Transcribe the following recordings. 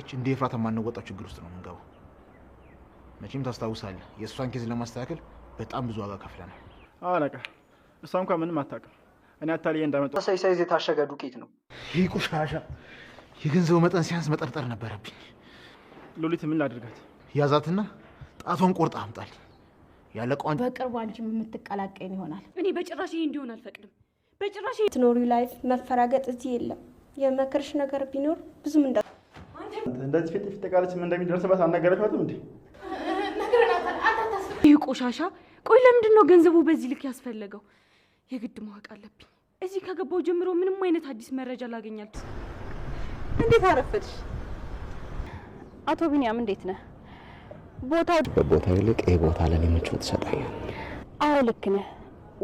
እች እንደ ኤፍራታ የማንወጣው ችግር ውስጥ ነው የምንገባው። መቼም ታስታውሳለህ፣ የእሷን ኬዝ ለማስተካከል በጣም ብዙ ዋጋ ከፍለናል። አለቃ፣ እሷ እንኳን ምንም አታውቅም። እኔ አታልዬ እንዳመጣ ሳይ ሳይዝ የታሸገ ዱቄት ነው ይህ ቆሻሻ። የገንዘቡ መጠን ሲያንስ መጠርጠር ነበረብኝ። ሎሊት፣ ምን ላድርጋት? ያዛትና ጣቷን ቆርጣ አምጣል። ያለቀዋን በቅርቡ አንቺም የምትቀላቀይን ይሆናል። እኔ በጭራሽ ይሄ እንዲሆን አልፈቅድም። በጭራሽ ትኖሪ ላይፍ መፈራገጥ እዚህ የለም። የመክርሽ ነገር ቢኖር ብዙም እንዳ እንደዚህ ፊት ፊት ቃለችም እንደሚደርስበት አልነገረሻትም እንዴ? ይህ ቆሻሻ ቆይ፣ ለምንድን ነው ገንዘቡ በዚህ ልክ ያስፈለገው? የግድ ማወቅ አለብኝ። እዚህ ከገባው ጀምሮ ምንም አይነት አዲስ መረጃ ላገኛልኩ። እንዴት አረፈድሽ? አቶ ቢኒያም እንዴት ነህ? ቦታው በቦታው ይልቅ ይሄ ቦታ ለኔ ምቾት ይሰጣኛል። አዎ ልክ ነህ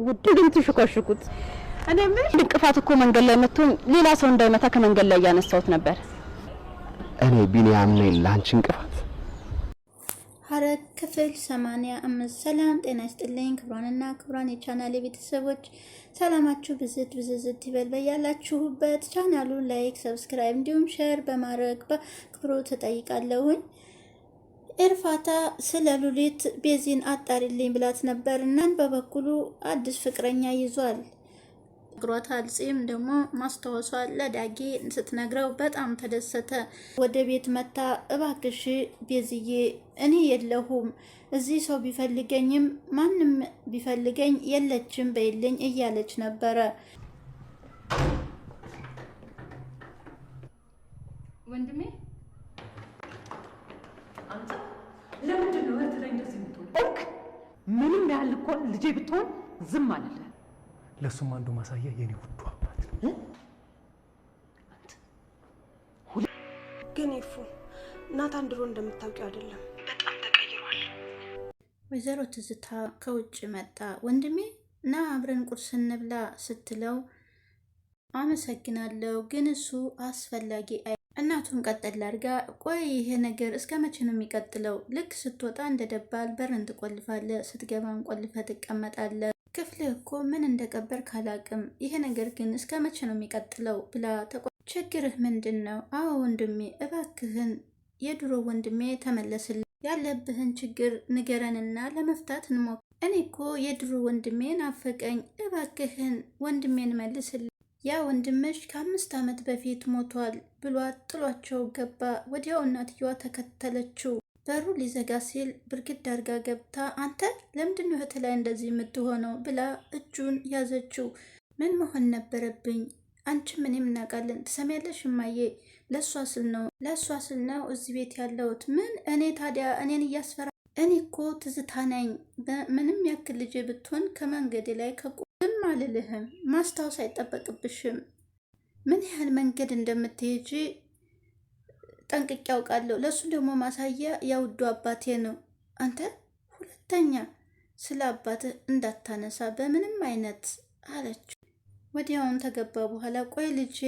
ውድ። ግን ትሽኮሽኩት። እኔ ምን እንቅፋት እኮ መንገድ ላይ መጥቶኝ ሌላ ሰው እንዳይመታ ከመንገድ ላይ እያነሳሁት ነበር። እኔ ቢንያም ነኝ ለአንቺ እንቅፋት። ሐረግ ክፍል ሰማንያ አምስት ሰላም ጤና ይስጥልኝ። ክብሯንና ክብሯን የቻናል ቤተሰቦች ሰላማችሁ ብዝት ብዝዝት ይበል በያላችሁበት። ቻናሉ ላይክ፣ ሰብስክራይብ እንዲሁም ሼር በማድረግ በክብሩ ተጠይቃለሁኝ። እርፋታ ስለ ሉሊት ቤዚን አጣሪልኝ ብላት ነበር። እናን በበኩሉ አዲስ ፍቅረኛ ይዟል ግሮታል ፂም ደግሞ ማስታወሷ ለዳጊ ስትነግረው በጣም ተደሰተ። ወደ ቤት መታ እባክሽ ቤዝዬ እኔ የለሁም እዚህ ሰው ቢፈልገኝም ማንም ቢፈልገኝ የለችም በይልኝ እያለች ነበረ። ወንድሜ ምንም ያህል እኮ ልጄ ብትሆን ዝም አልልህ ለሱም አንዱ ማሳያ የኔ ውዱ አባት ነው። ግን ይፉ ናታን ድሮ እንደምታውቂው አይደለም፣ በጣም ተቀይሯል። ወይዘሮ ትዝታ ከውጭ መጣ። ወንድሜ ና አብረን ቁርስ እንብላ ስትለው አመሰግናለሁ፣ ግን እሱ አስፈላጊ አይ እናቱን ቀጠል አድርጋ ቆይ ይሄ ነገር እስከ መቼ ነው የሚቀጥለው? ልክ ስትወጣ እንደ ደባል በርን ትቆልፋለ፣ ስትገባ እንቆልፈ ትቀመጣለ ክፍልህ እኮ ምን እንደቀበር ካላቅም ይሄ ነገር ግን እስከ መቼ ነው የሚቀጥለው? ብላ ተቆ ችግርህ ምንድን ነው? አዎ ወንድሜ እባክህን የድሮ ወንድሜ ተመለስል። ያለብህን ችግር ንገረንና ለመፍታት እንሞክ። እኔ እኮ የድሮ ወንድሜ ናፈቀኝ። እባክህን ወንድሜን መልስል። ያ ወንድምሽ ከአምስት ዓመት በፊት ሞቷል ብሏት ጥሏቸው ገባ። ወዲያው እናትየዋ ተከተለችው። በሩ ሊዘጋ ሲል ብርግድ አድርጋ ገብታ አንተ ለምንድን ነው እህት ላይ እንደዚህ የምትሆነው ብላ እጁን ያዘችው። ምን መሆን ነበረብኝ? አንቺም እኔም እናውቃለን። ትሰሚያለሽ እማዬ፣ ለእሷ ስል ነው ለእሷ ስል ነው እዚህ ቤት ያለሁት። ምን እኔ ታዲያ እኔን እያስፈራ እኔ እኮ ትዝታ ነኝ። ምንም ያክል ልጄ ብትሆን ከመንገዴ ላይ ከቁም አልልህም። ማስታወስ አይጠበቅብሽም። ምን ያህል መንገድ እንደምትሄጂ ጠንቅቄ ያውቃለሁ። ለእሱ ደግሞ ማሳያ ያውዱ አባቴ ነው። አንተ ሁለተኛ ስለ አባትህ እንዳታነሳ በምንም አይነት አለችው። ወዲያውም ተገባ በኋላ ቆይ ልጄ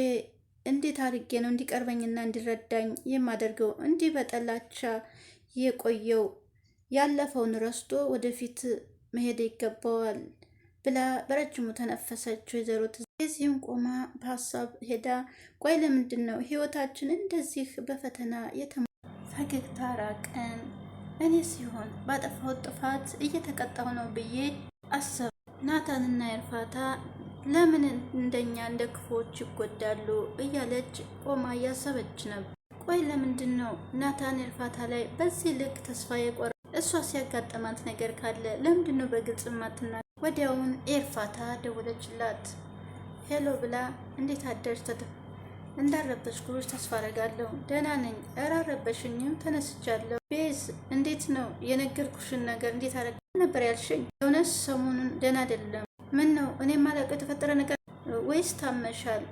እንዴት አድርጌ ነው እንዲቀርበኝና እንዲረዳኝ የማደርገው? እንዲህ በጠላቻ የቆየው ያለፈውን ረስቶ ወደፊት መሄድ ይገባዋል ብላ በረጅሙ ተነፈሰች ወይዘሮ እዚሁም ቆማ በሀሳብ ሄዳ ቆይ ለምንድን ነው ህይወታችን እንደዚህ በፈተና የተሞ ፈገግታ ራቀን። እኔ ሲሆን ባጠፋሁት ጥፋት እየተቀጣሁ ነው ብዬ አሰብ ናታንና እርፋታ ለምን እንደኛ እንደ ክፎች ይጎዳሉ እያለች ቆማ እያሰበች ነው ቆይ ለምንድን ነው ናታን እርፋታ ላይ በዚህ ልክ ተስፋ የቆረ? እሷ ሲያጋጠማት ነገር ካለ ለምንድን ነው በግልጽ ማትና? ወዲያውን ኤርፋታ ደወለችላት። ሄሎ ብላ እንዴት አደርሽ እንዳረበሽኩሽ ተስፋ አደርጋለሁ። ደህና ነኝ። ኧረ አረበሽኝም፣ ተነስቻለሁ። ቤዝ እንዴት ነው? የነገርኩሽን ነገር እንዴት አደረግ ነበር ያልሽኝ? እውነት ሰሞኑን ደህና አይደለም። ምን ነው? እኔም አላውቀው የተፈጠረ ነገር ወይስ ታመሻል?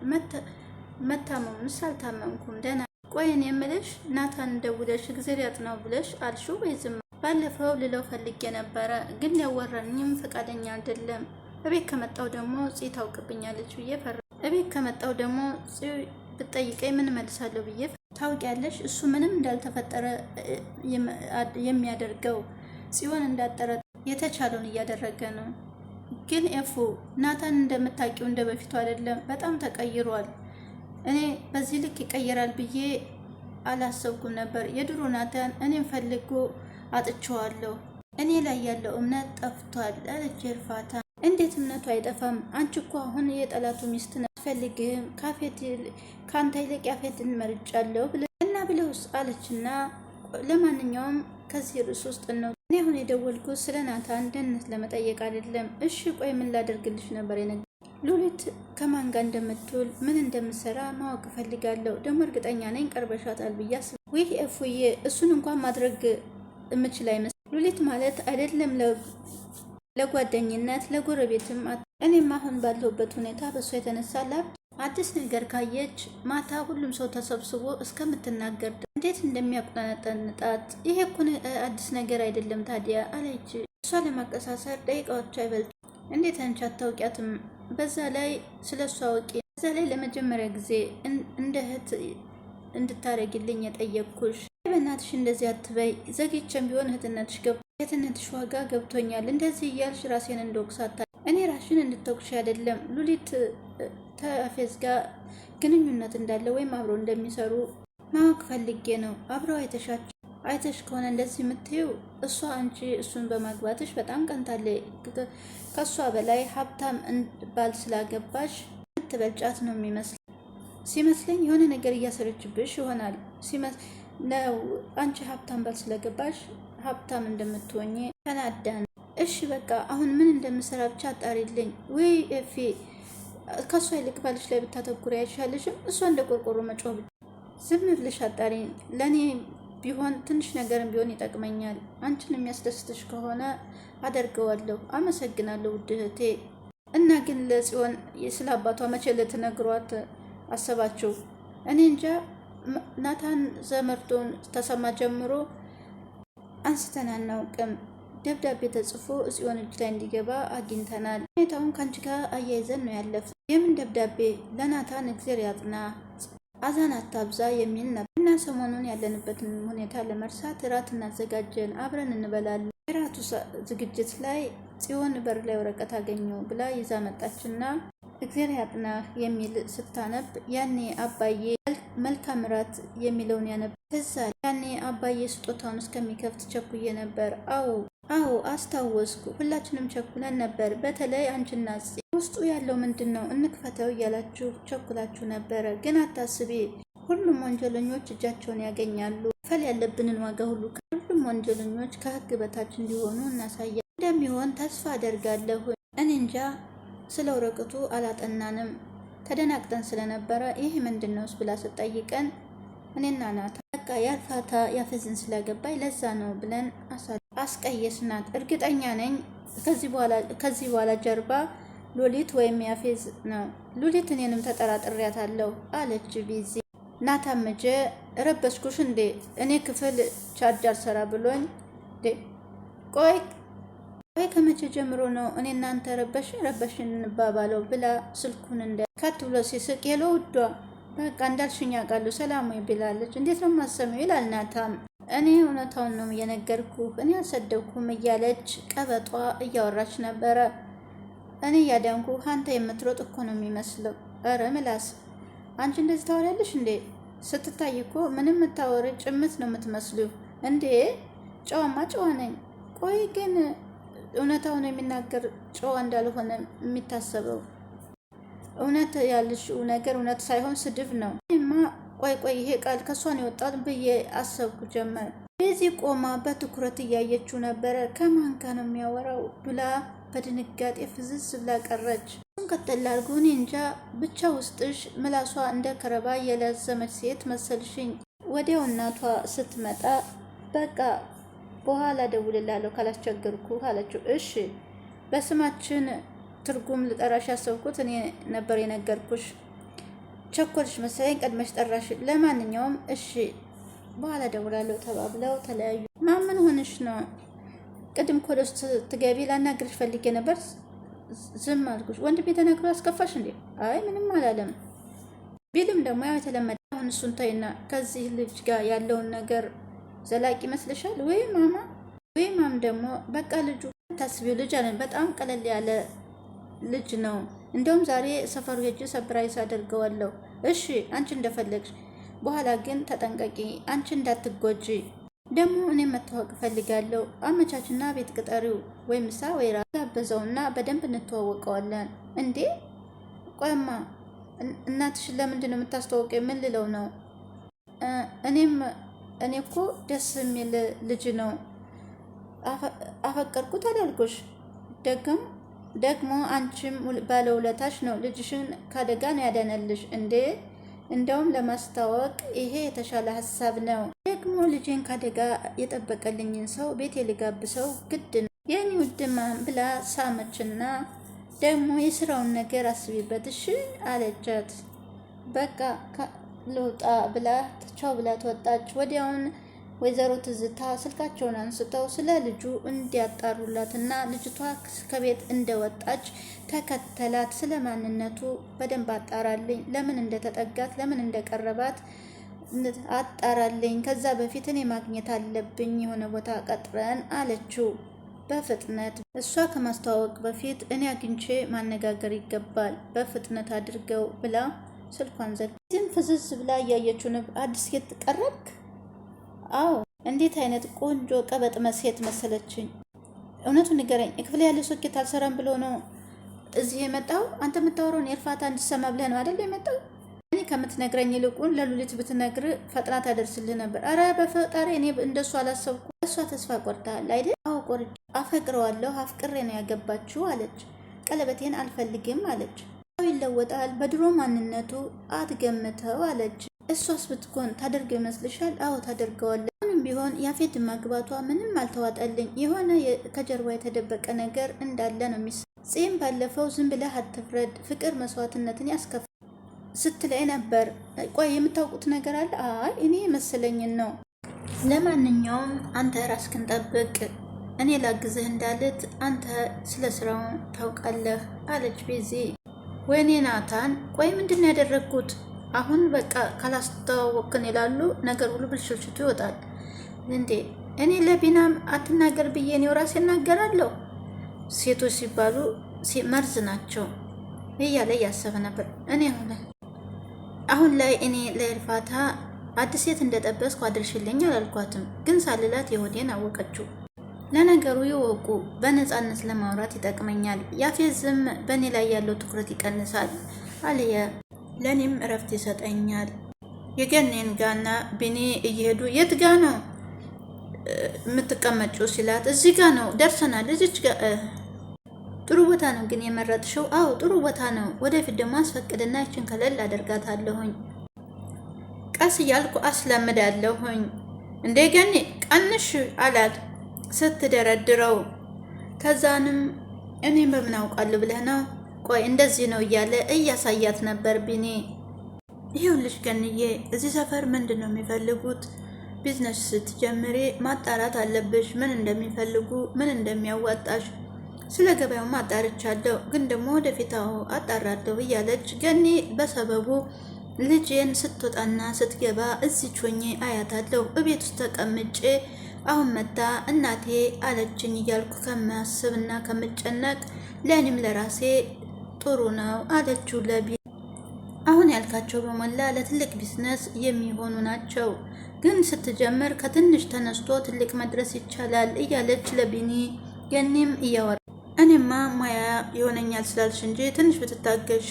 መታመሙንስ? አልታመምኩም፣ ደህና። ቆይን የምልሽ ናታን ደውለሽ ጊዜ ሊያጥናው ብለሽ አልሽው ወይ? ዝም ባለፈው ልለው ፈልጌ ነበረ፣ ግን ሊያወራኝም ፈቃደኛ አይደለም። እቤት ከመጣው ደግሞ ፂ ታውቅብኛለች ብዬ ፈራ። እቤት ከመጣው ደግሞ ፂ ብትጠይቀኝ ምን መልሳለሁ ብዬ ታውቂያለሽ፣ እሱ ምንም እንዳልተፈጠረ የሚያደርገው ጽዮን እንዳጠረ የተቻለውን እያደረገ ነው። ግን ኤፉ ናታን እንደምታውቂው እንደ በፊቱ አይደለም፣ በጣም ተቀይሯል። እኔ በዚህ ልክ ይቀይራል ብዬ አላሰብኩም ነበር። የድሮ ናታን እኔም ፈልጎ አጥቼዋለሁ። እኔ ላይ ያለው እምነት ጠፍቷል አለች እንዴት እምነቱ አይጠፋም? አንቺ እኮ አሁን የጠላቱ ሚስት አትፈልግም። ከአንተ ይልቅ ያፌትን መርጫለሁ እና ብለውስ አለችና፣ ለማንኛውም ከዚህ ርዕስ ውስጥ ነው እኔ አሁን የደወልኩት ስለ ናታን ደህንነት ለመጠየቅ አይደለም። እሺ ቆይ ምን ላደርግልሽ ነበር የነገ ሉሊት ከማን ጋር እንደምትውል ምን እንደምትሰራ ማወቅ እፈልጋለሁ። ደግሞ እርግጠኛ ነኝ ቀርበሻታል ብዬ አስብ። ይህ እፉዬ እሱን እንኳን ማድረግ የምችል አይመስል ሉሊት ማለት አይደለም ለጓደኝነት ለጎረቤትም እኔም አሁን ባለሁበት ሁኔታ በእሷ የተነሳ አዲስ ነገር ካየች ማታ ሁሉም ሰው ተሰብስቦ እስከምትናገር እንዴት እንደሚያቁጠነጠንጣት ይሄ እኮ አዲስ ነገር አይደለም ታዲያ አለች። እሷ ለማቀሳሰር ደቂቃዎቹ አይበልጡ። እንዴት አንቺ አታውቂያትም? በዛ ላይ ስለ እሷ አውቂ። በዛ ላይ ለመጀመሪያ ጊዜ እንደ እህት እንድታረጊልኝ የጠየቅኩሽ። በእናትሽ እንደዚህ አትበይ። ዘግቼም ቢሆን እህትነትሽ ገብ የትነትሽ ዋጋ ገብቶኛል። እንደዚህ እያልሽ ራሴን እንደወቅሳታ እኔ ራሽን እንድትወቅሽ አይደለም ሉሊት ተፌዝ ጋር ግንኙነት እንዳለ ወይም አብረው እንደሚሰሩ ማወቅ ፈልጌ ነው። አብረው አይተሻች አይተሽ ከሆነ እንደዚህ የምትይው እሷ አንቺ እሱን በማግባትሽ በጣም ቀንታለ ከእሷ በላይ ሀብታም ባል ስላገባሽ ምትበልጫት ነው የሚመስል ሲመስለኝ የሆነ ነገር እያሰረችብሽ ይሆናል። ነው አንቺ ሀብታም ባል ስለገባሽ ሀብታም እንደምትሆኝ ተናዳ ነው። እሺ በቃ አሁን ምን እንደምሰራ ብቻ አጣሪልኝ። ወይ እፊ ከእሷ ይልቅ ባልሽ ላይ ብታተኩር አይሻልሽም? እሷ እንደ ቆርቆሮ መጮህ ብቻ ዝም ብለሽ አጣሪ። ለእኔ ቢሆን ትንሽ ነገርም ቢሆን ይጠቅመኛል። አንቺን የሚያስደስትሽ ከሆነ አደርገዋለሁ። አመሰግናለሁ ውድ እህቴ። እና ግን ለጽዮን ስለ አባቷ መቼ ልትነግሯት አሰባችሁ? እኔ እንጃ ናታን ዘመርቶን ተሰማ ጀምሮ አንስተን አናውቅም። ደብዳቤ ተጽፎ እጽዮን እጅ ላይ እንዲገባ አግኝተናል። ሁኔታውን ከአንቺ ጋር አያይዘን ነው ያለፍ። የምን ደብዳቤ? ለናታን እግዜር ያጥና አዛን አታብዛ የሚል ነበር እና ሰሞኑን ያለንበትን ሁኔታ ለመርሳት እራት እናዘጋጀን፣ አብረን እንበላለን። የራቱ ዝግጅት ላይ ጽዮን በር ላይ ወረቀት አገኘው ብላ ይዛ መጣችና እግዜር ያጥናህ የሚል ስታነብ ያኔ አባዬ መልካም እራት የሚለውን ያነብ ከዛ ያኔ አባዬ ስጦታውን እስከሚከፍት ቸኩዬ ነበር። አዎ አዎ አስታወስኩ። ሁላችንም ቸኩለን ነበር። በተለይ አንቺና ጽ ውስጡ ያለው ምንድን ነው እንክፈተው እያላችሁ ቸኩላችሁ ነበረ። ግን አታስቢ፣ ሁሉም ወንጀለኞች እጃቸውን ያገኛሉ። ፈል ያለብንን ዋጋ ሁሉ ሁሉም ወንጀለኞች ከህግ በታች እንዲሆኑ እናሳያ እንደሚሆን ተስፋ አደርጋለሁ። እኔ እንጃ ስለ ወረቀቱ አላጠናንም፣ ተደናግጠን ስለነበረ ይህ ምንድን ነውስ ብላ ስጠይቀን እኔና ናታ በቃ ያልፋታ ያፈዝን ስለገባይ ለዛ ነው ብለን አስቀየስናት። እርግጠኛ ነኝ ከዚህ በኋላ ጀርባ ሉሊት ወይም ያፌዝ ነው። ሉሊት እኔንም ተጠራጥሬያታለሁ አለች ቢዚ ናታምጀ ረበስኩሽ እንዴ? እኔ ክፍል ቻርጀር ሰራ ብሎኝ ቆይ ቆይ ከመቼ ጀምሮ ነው እኔ እናንተ ረበሽን ረበሽን እንባባለው ብላ ስልኩን እንደ ከት ብሎ ሲስቅ የለ ውዷ በቃ እንዳልሽኝ አውቃለሁ ሰላም ብላለች። እንዴት ነው የማሰሚው? ይላል ናታም እኔ እውነታውን ነው እየነገርኩ እኔ አልሰደብኩም እያለች ቀበጧ እያወራች ነበረ። እኔ እያዳንኩ አንተ የምትሮጥ እኮ ነው የሚመስለው። እረ ምላስ፣ አንቺ እንደዚህ ታወሪያለሽ እንዴ? ስትታይ እኮ ምንም የምታወሪ ጭምት ነው የምትመስሉ እንዴ። ጨዋማ ጨዋ ነኝ። ቆይ ግን እውነታውን የሚናገር ጨዋ እንዳልሆነ የሚታሰበው እውነት ያልሽው ነገር እውነት ሳይሆን ስድብ ነው። እኔማ ቆይ ቆይ ይሄ ቃል ከሷን የወጣት ብዬ አሰብኩ ጀመር። ቤዚ ቆማ በትኩረት እያየችው ነበረ። ከማን ጋር ነው የሚያወራው ብላ በድንጋጤ ፍዝዝ ብላ ቀረች። እሱን ቀጠል አድርጎ እኔ እንጃ ብቻ ውስጥሽ ምላሷ እንደ ከረባ የለዘመች ሴት መሰልሽኝ። ወዲያው እናቷ ስትመጣ በቃ በኋላ ደውልላለሁ ካላስቸገርኩ አለችው። እሺ በስማችን ትርጉም ልጠራሽ ያሰብኩት እኔ ነበር የነገርኩሽ፣ ቸኮልሽ መሰለኝ ቀድመሽ ጠራሽ። ለማንኛውም እሺ በኋላ ደውላለሁ ተባብለው ተለያዩ። ማምን ሆንሽ ነው? ቅድም ኮደ ውስጥ ስትገቢ ላናግርሽ ፈልጌ ነበር፣ ዝም አልኩሽ። ወንድሜ ተናግሮ አስከፋሽ እንዴ? አይ ምንም አላለም ቢልም ደግሞ ያው የተለመደ አሁን እሱን ታይና ከዚህ ልጅ ጋር ያለውን ነገር ዘላቂ ይመስልሻል ወይ ማማ? ወይ ማም ደግሞ በቃ ልጁ ታስቢው ልጅ አለን በጣም ቀለል ያለ ልጅ ነው። እንደውም ዛሬ ሰፈሩ ሄጄ ሰፕራይዝ አድርገዋለሁ። እሺ አንቺ እንደፈለግሽ፣ በኋላ ግን ተጠንቀቂ፣ አንቺ እንዳትጎጂ። ደግሞ እኔ መተዋወቅ እፈልጋለሁ። አመቻችና ቤት ቅጠሪው ወይ ምሳ ወይ ራት ጋበዘውና በደንብ እንተዋወቀዋለን። እንዴ ቆይማ እናትሽን ለምንድን ነው የምታስተዋወቅ? ምን ልለው ነው? እኔም እኔ እኮ ደስ የሚል ልጅ ነው አፈቀርኩት አላልኩሽ? ደግም ደግሞ አንቺም ባለውለታሽ ነው፣ ልጅሽን ከአደጋ ነው እንዴ እንደውም ለማስታወቅ ይሄ የተሻለ ሀሳብ ነው። ደግሞ ልጄን ከአደጋ የጠበቀልኝን ሰው ቤት የልጋብሰው ግድ ነው የኔ ውድማ ብላ ሳመችና ደግሞ የስራውን ነገር አስቢበት እሺ አለቻት። በቃ ልውጣ ብላ ቻው ብላት ወጣች። ወዲያውን ወይዘሮ ትዝታ ስልካቸውን አንስተው ስለ ልጁ እንዲያጣሩላትና ልጅቷ ከቤት እንደወጣች ተከተላት፣ ስለ ማንነቱ በደንብ አጣራልኝ፣ ለምን እንደተጠጋት ለምን እንደቀረባት አጣራልኝ። ከዛ በፊት እኔ ማግኘት አለብኝ የሆነ ቦታ ቀጥረን አለችው በፍጥነት እሷ ከማስተዋወቅ በፊት እኔ አግኝቼ ማነጋገር ይገባል፣ በፍጥነት አድርገው ብላ ስልኳን ዘግ። ዝም ፍዝዝ ብላ እያየችው ነበር። አዲስ ጌት ቀረብክ አዎ እንዴት አይነት ቆንጆ ቀበጥ ሴት መሰለችኝ። እውነቱን ንገረኝ፣ ክፍል ያለ ሶኬት አልሰራም ብሎ ነው እዚህ የመጣው? አንተ የምታወራውን የእርፋታ እንድሰማ ብለህ ነው አደል የመጣው? እኔ ከምትነግረኝ ይልቁን ለሉሊት ብትነግር ፈጥና ታደርስልህ ነበር። አረ በፈጣሪ እኔ እንደሱ አላሰብኩ። እሷ ተስፋ ቆርታል አይደል? አዎ ቆርጬ አፈቅረዋለሁ፣ አፍቅሬ ነው ያገባችሁ አለች። ቀለበቴን አልፈልግም አለች። ይለወጣል፣ በድሮ ማንነቱ አትገምተው አለች። እሷስ ብትኮን ታደርገው ይመስልሻል? አዎ ታደርገዋለች። አሁንም ቢሆን ያፌት ማግባቷ ምንም አልተዋጠልኝ። የሆነ ከጀርባ የተደበቀ ነገር እንዳለ ነው የሚስ ጽም ባለፈው ዝም ብለህ አትፍረድ፣ ፍቅር መስዋዕትነትን ያስከፍል ስትለይ ነበር። ቆይ የምታውቁት ነገር አለ? አይ እኔ የመሰለኝን ነው። ለማንኛውም አንተ ራስ ጠብቅ፣ እኔ ላግዝህ እንዳልት አንተ ስለ ስራው ታውቃለህ አለች ቤዚ። ወይኔ ናታን፣ ቆይ ምንድን ነው ያደረግኩት? አሁን በቃ ካላስተዋወቅን ይላሉ። ነገር ሁሉ ብልሽልሽቱ ይወጣል እንዴ! እኔ ለቢናም አትናገር ብዬ እኔው ራሴ እናገራለሁ። ሴቶች ሲባሉ መርዝ ናቸው እያለ እያሰበ ነበር። እኔ ሆነ አሁን ላይ እኔ ለእርፋታ አዲስ ሴት እንደጠበስኩ አድርሽልኝ አላልኳትም፣ ግን ሳልላት የሆዴን አወቀችው። ለነገሩ ይወቁ፣ በነፃነት ለማውራት ይጠቅመኛል። ያፌዝም በእኔ ላይ ያለው ትኩረት ይቀንሳል አልየ ለእኔም እረፍት ይሰጠኛል። የገኔን ጋና ቢኒ እየሄዱ የት ጋ ነው የምትቀመጭው ሲላት፣ እዚህ ጋ ነው ደርሰናል፣ እዚች ጋ ጥሩ ቦታ ነው ግን የመረጥሽው። አዎ ጥሩ ቦታ ነው። ወደፊት ደግሞ አስፈቅድና ይችን ከለል አደርጋታለሁኝ። ቀስ እያልኩ አስለምዳለሁኝ። እንዴ ገኔ ቀንሽ አላት ስትደረድረው። ከዛንም እኔም በምን አውቃለሁ ብለህ ነው ቆይ እንደዚህ ነው እያለ እያሳያት ነበር ቢኒ። ይኸውልሽ ገንዬ እዚህ ሰፈር ምንድን ነው የሚፈልጉት? ቢዝነስ ስትጀምሬ ማጣራት አለብሽ፣ ምን እንደሚፈልጉ ምን እንደሚያዋጣሽ። ስለ ገበያው አለው ግን ደግሞ ወደፊታው አጣራለሁ እያለች ገኒ በሰበቡ ልጄን ስትወጣና ስትገባ እዚች ሆኜ አያታለሁ። እቤት ውስጥ ተቀምጬ አሁን መታ እናቴ አለችኝ እያልኩ ከማስብና ከምጨነቅ ለእኔም ለራሴ ጥሩ ነው አለችው። ለቢ አሁን ያልካቸው በሞላ ለትልቅ ቢዝነስ የሚሆኑ ናቸው፣ ግን ስትጀምር ከትንሽ ተነስቶ ትልቅ መድረስ ይቻላል እያለች ለቢኒ የኔም እያወራ እኔማ ሙያ ይሆነኛል ስላልሽ እንጂ ትንሽ ብትታገሽ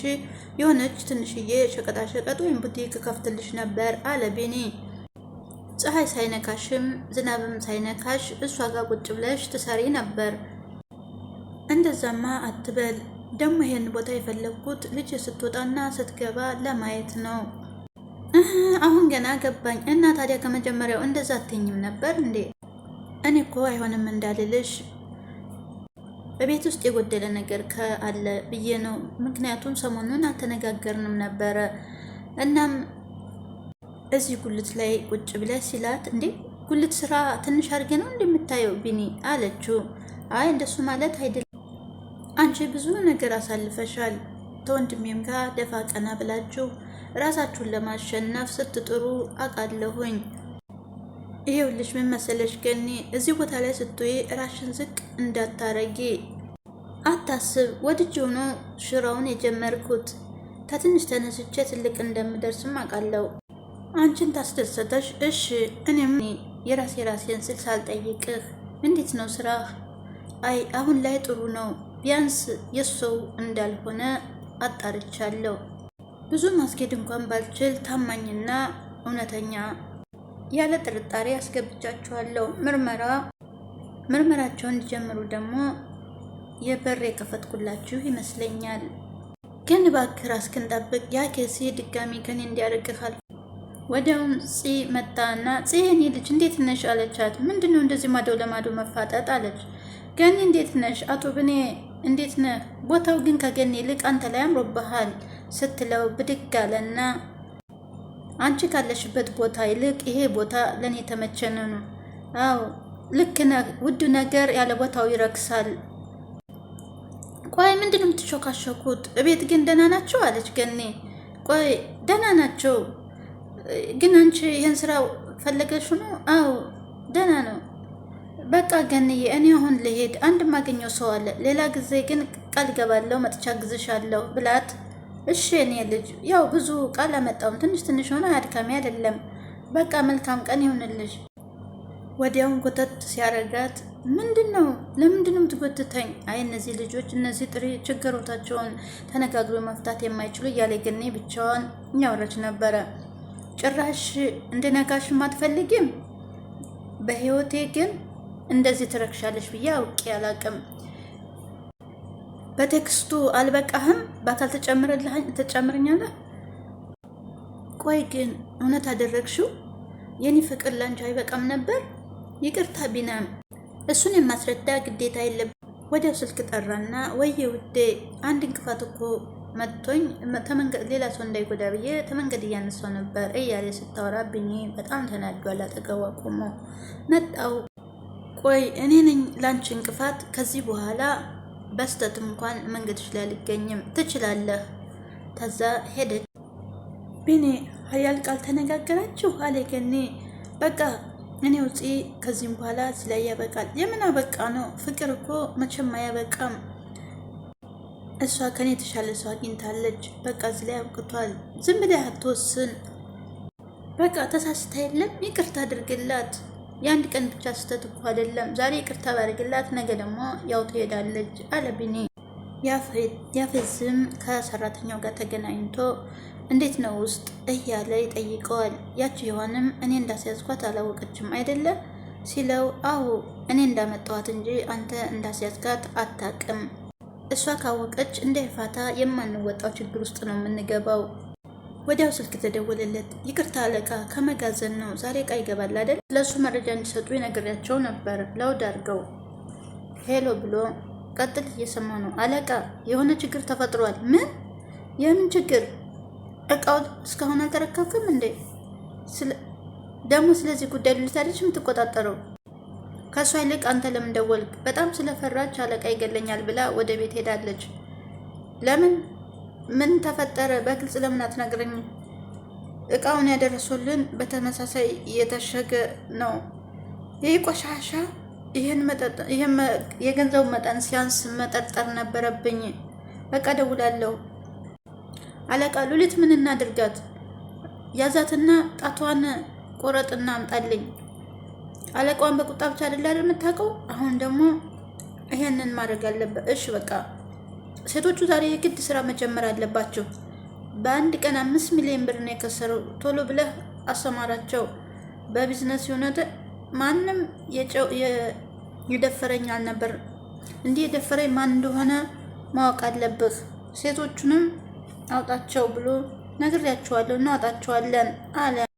የሆነች ትንሽዬ ሸቀጣሸቀጥ ወይም ቡቲክ ከፍትልሽ ነበር አለ ቢኒ። ፀሐይ ሳይነካሽም ዝናብም ሳይነካሽ እሷ ጋር ቁጭ ብለሽ ትሰሪ ነበር። እንደዛማ አትበል ደግሞ ይሄን ቦታ የፈለግኩት ልጅ ስትወጣና ስትገባ ለማየት ነው። አሁን ገና ገባኝ። እና ታዲያ ከመጀመሪያው እንደዛ አትኝም ነበር እንዴ? እኔ እኮ አይሆንም እንዳልልሽ በቤት ውስጥ የጎደለ ነገር ከአለ ብዬ ነው። ምክንያቱም ሰሞኑን አልተነጋገርንም ነበረ። እናም እዚህ ጉልት ላይ ቁጭ ብለህ ሲላት፣ እንዴ ጉልት ስራ ትንሽ አድርጌ ነው እንደምታየው ቢኒ አለችው። አይ እንደሱ ማለት አይደለም አንቺ ብዙ ነገር አሳልፈሻል። ተወንድሜም ጋር ደፋ ቀና ብላችሁ ራሳችሁን ለማሸነፍ ስትጥሩ አውቃለሁኝ። ይሄውልሽ ምን መሰለሽ ገኒ፣ እዚህ ቦታ ላይ ስትይ ራሽን ዝቅ እንዳታረጊ አታስብ። ወድጄ ሆኖ ሽራውን የጀመርኩት ከትንሽ ተነስቼ ትልቅ እንደምደርስም አውቃለሁ። አንቺን ታስደሰተሽ፣ እሺ። እኔም የራሴ ራሴን ስል ሳልጠይቅህ እንዴት ነው ስራህ? አይ አሁን ላይ ጥሩ ነው ቢያንስ የሰው እንዳልሆነ አጣርቻለሁ። ብዙ ማስኬድ እንኳን ባልችል ታማኝና እውነተኛ ያለ ጥርጣሬ አስገብቻችኋለሁ። ምርመራ ምርመራቸውን እንዲጀምሩ ደግሞ የበር የከፈትኩላችሁ ይመስለኛል። ግን እባክህ ራስህን ጠብቅ። ያ ኬሲ ድጋሚ ከኔ እንዲያርቅህ ወዲያውም ፂ መጣና ፂ የኔ ልጅ እንዴት ነሽ አለቻት። ምንድነው እንደዚህ ማዶ ለማዶ መፋጠጥ አለች። ግን እንዴት ነሽ አቶ ብኔ እንዴት ነ ቦታው ግን ከገን ይልቅ አንተ ላይ አምሮብሃል ስትለው ብድግ አለና አንቺ ካለሽበት ቦታ ይልቅ ይሄ ቦታ ለእኔ የተመቸነ ነው። አዎ ልክ ነ ውዱ ነገር ያለ ቦታው ይረክሳል። ቆይ ምንድን ነው የምትሾካሸኩት? እቤት ግን ደህና ናቸው አለች ገኔ። ቆይ ደህና ናቸው ግን አንቺ ይህን ስራ ፈለገሽ ነው? አዎ ደህና ነው በቃ ገንዬ፣ እኔ አሁን ልሄድ፣ አንድ ማገኘው ሰው አለ። ሌላ ጊዜ ግን ቃል ገባለሁ መጥቻ ግዝሻለሁ ብላት፣ እሺ እኔ ልጅ ያው ብዙ ቃል አመጣውም ትንሽ ትንሽ ሆነ አድካሚ አይደለም። በቃ መልካም ቀን ይሁንልሽ። ወዲያውን ጎተት ሲያደርጋት ምንድን ነው ለምንድንም ትጎትተኝ? የምትጎትተኝ? አይ እነዚህ ልጆች እነዚህ ጥሪ ችግሮታቸውን ተነጋግሮ መፍታት የማይችሉ እያለ ግን ብቻዋን እያወራች ነበረ። ጭራሽ እንድነካሽም አትፈልጊም በህይወቴ ግን እንደዚህ ትረክሻለሽ ብዬ አውቄ አላቅም። በቴክስቱ አልበቃህም፣ በአካል ተጨምረኛለህ ቆይ ግን እውነት አደረግሽው? የኔ ፍቅር ላንቺ አይበቃም ነበር? ይቅርታ ቢናም፣ እሱን የማስረዳ ግዴታ የለብ። ወዲያው ስልክ ጠራና ወይ ውዴ፣ አንድ እንቅፋት እኮ መጥቶኝ ሌላ ሰው እንዳይጎዳ ብዬ ተመንገድ እያነሳው ነበር እያለ ስታወራ ብኝ በጣም ተናዷል። አጠገቧ ቆሞ መጣው ቆይ እኔ ነኝ ላንቺ እንቅፋት። ከዚህ በኋላ በስተት እንኳን መንገድሽ ላይ አልገኝም ትችላለህ። ከዛ ሄደች። ቢኔ ሀያል ቃል ተነጋገራችሁ አለ ገኔ። በቃ እኔ ውጪ ከዚህም በኋላ ላይ ያበቃል። የምን አበቃ ነው? ፍቅር እኮ መቼም አያበቃም። እሷ ከኔ የተሻለ ሰው አግኝታለች። በቃ እዚህ ላይ አብቅቷል። ዝም ብለህ አትወስን። በቃ ተሳስታ የለም ይቅርታ አድርግላት። የአንድ ቀን ብቻ ስህተት እኮ አይደለም። ዛሬ ይቅርታ ባደርግላት ነገ ደግሞ ያው ትሄዳለች አለ ቢኒ። ያፌዝም ከሰራተኛው ጋር ተገናኝቶ እንዴት ነው ውስጥ እያለ ይጠይቀዋል። ያች የሆንም እኔ እንዳስያዝኳት አላወቀችም አይደለም ሲለው አዎ እኔ እንዳመጣዋት እንጂ አንተ እንዳስያዝጋት አታቅም እሷ ካወቀች እንደ ፋታ የማንወጣው ችግር ውስጥ ነው የምንገባው። ወዲያው ስልክ ተደወለለት። ይቅርታ አለቃ፣ ከመጋዘን ነው ዛሬ እቃ ይገባል አይደል? ለእሱ መረጃ እንዲሰጡ የነገሪያቸው ነበር። ለውድ አድርገው ሄሎ ብሎ ቀጥል። እየሰማ ነው አለቃ። የሆነ ችግር ተፈጥሯል። ምን? የምን ችግር? እቃው እስካሁን አልተረከብክም እንዴ? ደግሞ ስለዚህ ጉዳይ ልታለች የምትቆጣጠረው ከእሷ ይልቅ አንተ ለምን ደወልክ? በጣም ስለፈራች አለቃ ይገለኛል ብላ ወደ ቤት ሄዳለች። ለምን ምን ተፈጠረ? በግልጽ ለምን አትነግረኝም? እቃውን ያደረሱልን በተመሳሳይ እየታሸገ ነው። ይህ ቆሻሻ ይህን የገንዘቡ መጠን ሲያንስ መጠርጠር ነበረብኝ። በቃ ደውላለሁ። አለቃ ሉሊት ምን እናድርጋት? ያዛትና ጣቷን ቆረጥና አምጣልኝ። አለቃዋን በቁጣ ብቻ አይደል የምታውቀው። አሁን ደግሞ ይህንን ማድረግ አለበት። እሽ በቃ ሴቶቹ ዛሬ የግድ ስራ መጀመር አለባቸው። በአንድ ቀን አምስት ሚሊዮን ብር ነው የከሰረው። ቶሎ ብለህ አሰማራቸው። በቢዝነስ ሁነት ማንም የደፈረኝ አልነበር። እንዲህ የደፈረኝ ማን እንደሆነ ማወቅ አለብህ። ሴቶቹንም አውጣቸው ብሎ ነግሬያቸዋለሁ። እናውጣቸዋለን አለ።